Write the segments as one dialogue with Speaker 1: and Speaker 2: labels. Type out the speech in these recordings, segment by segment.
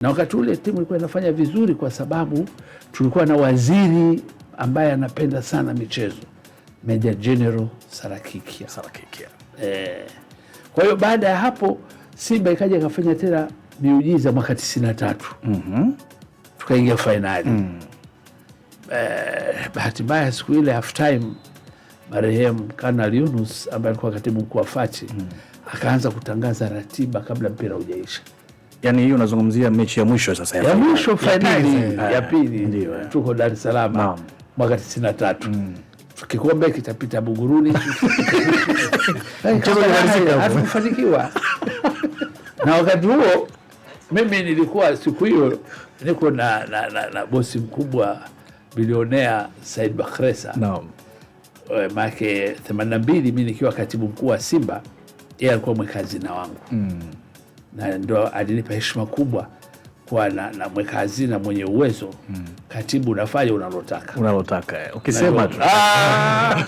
Speaker 1: Na wakati ule timu ilikuwa inafanya vizuri kwa sababu tulikuwa na waziri ambaye anapenda sana michezo, Meja Jeneral Sarakikia, Sarakikia. E. Kwa hiyo baada ya hapo Simba ikaja ikafanya tena miujiza mwaka 93 mhm. mm -hmm. Eh, tukaingia fainali mm. E, bahati mbaya siku ile half time marehemu Kanali Yunus ambaye alikuwa katibu mkuu wa Fati mm. akaanza kutangaza ratiba kabla mpira hujaisha.
Speaker 2: Yani hiyo unazungumzia mechi ya mwisho sasa
Speaker 1: ya mwisho fainali ya pili ndio tuko Dar es Salaam mwaka 93 mm. kikombe kitapita Buguruni hatukufanikiwa na wakati huo mimi nilikuwa siku hiyo niko na, na, na, na bosi mkubwa bilionea Said Bakhresa no. Maake 82 mi nikiwa katibu mkuu wa Simba, yeye alikuwa mwekazina wangu mm na ndo alinipa heshima kubwa kuwa na, na mweka hazina mwenye uwezo hmm. Katibu, unafanya unalotaka
Speaker 2: unalotaka, eh, ukisema
Speaker 1: tu ah!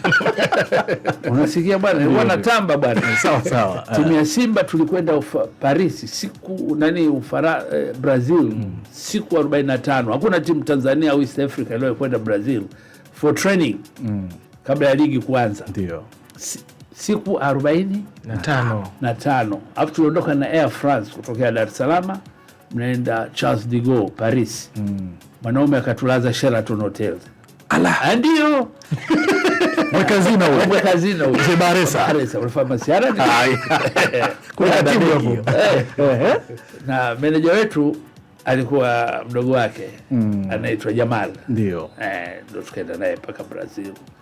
Speaker 1: unasikia bwana, huwa natamba bwana.
Speaker 2: sawa sawa,
Speaker 1: timu ya Simba tulikwenda Paris siku nani ufara eh, Brazil hmm. siku 45 hakuna timu Tanzania au East Africa iliyokwenda Brazil for training hmm. kabla ya ligi kuanza, ndio siku 45
Speaker 2: na tano
Speaker 1: na tano tuliondoka na Air France kutokea Dar es Salaam, mnaenda Charles de Gaulle Paris. Mm. Mwanaume mm. akatulaza Sheraton Hotel, ah, ndio na meneja wetu alikuwa mdogo wake mm. anaitwa Jamal, ndio eh, tukaenda naye mpaka Brazil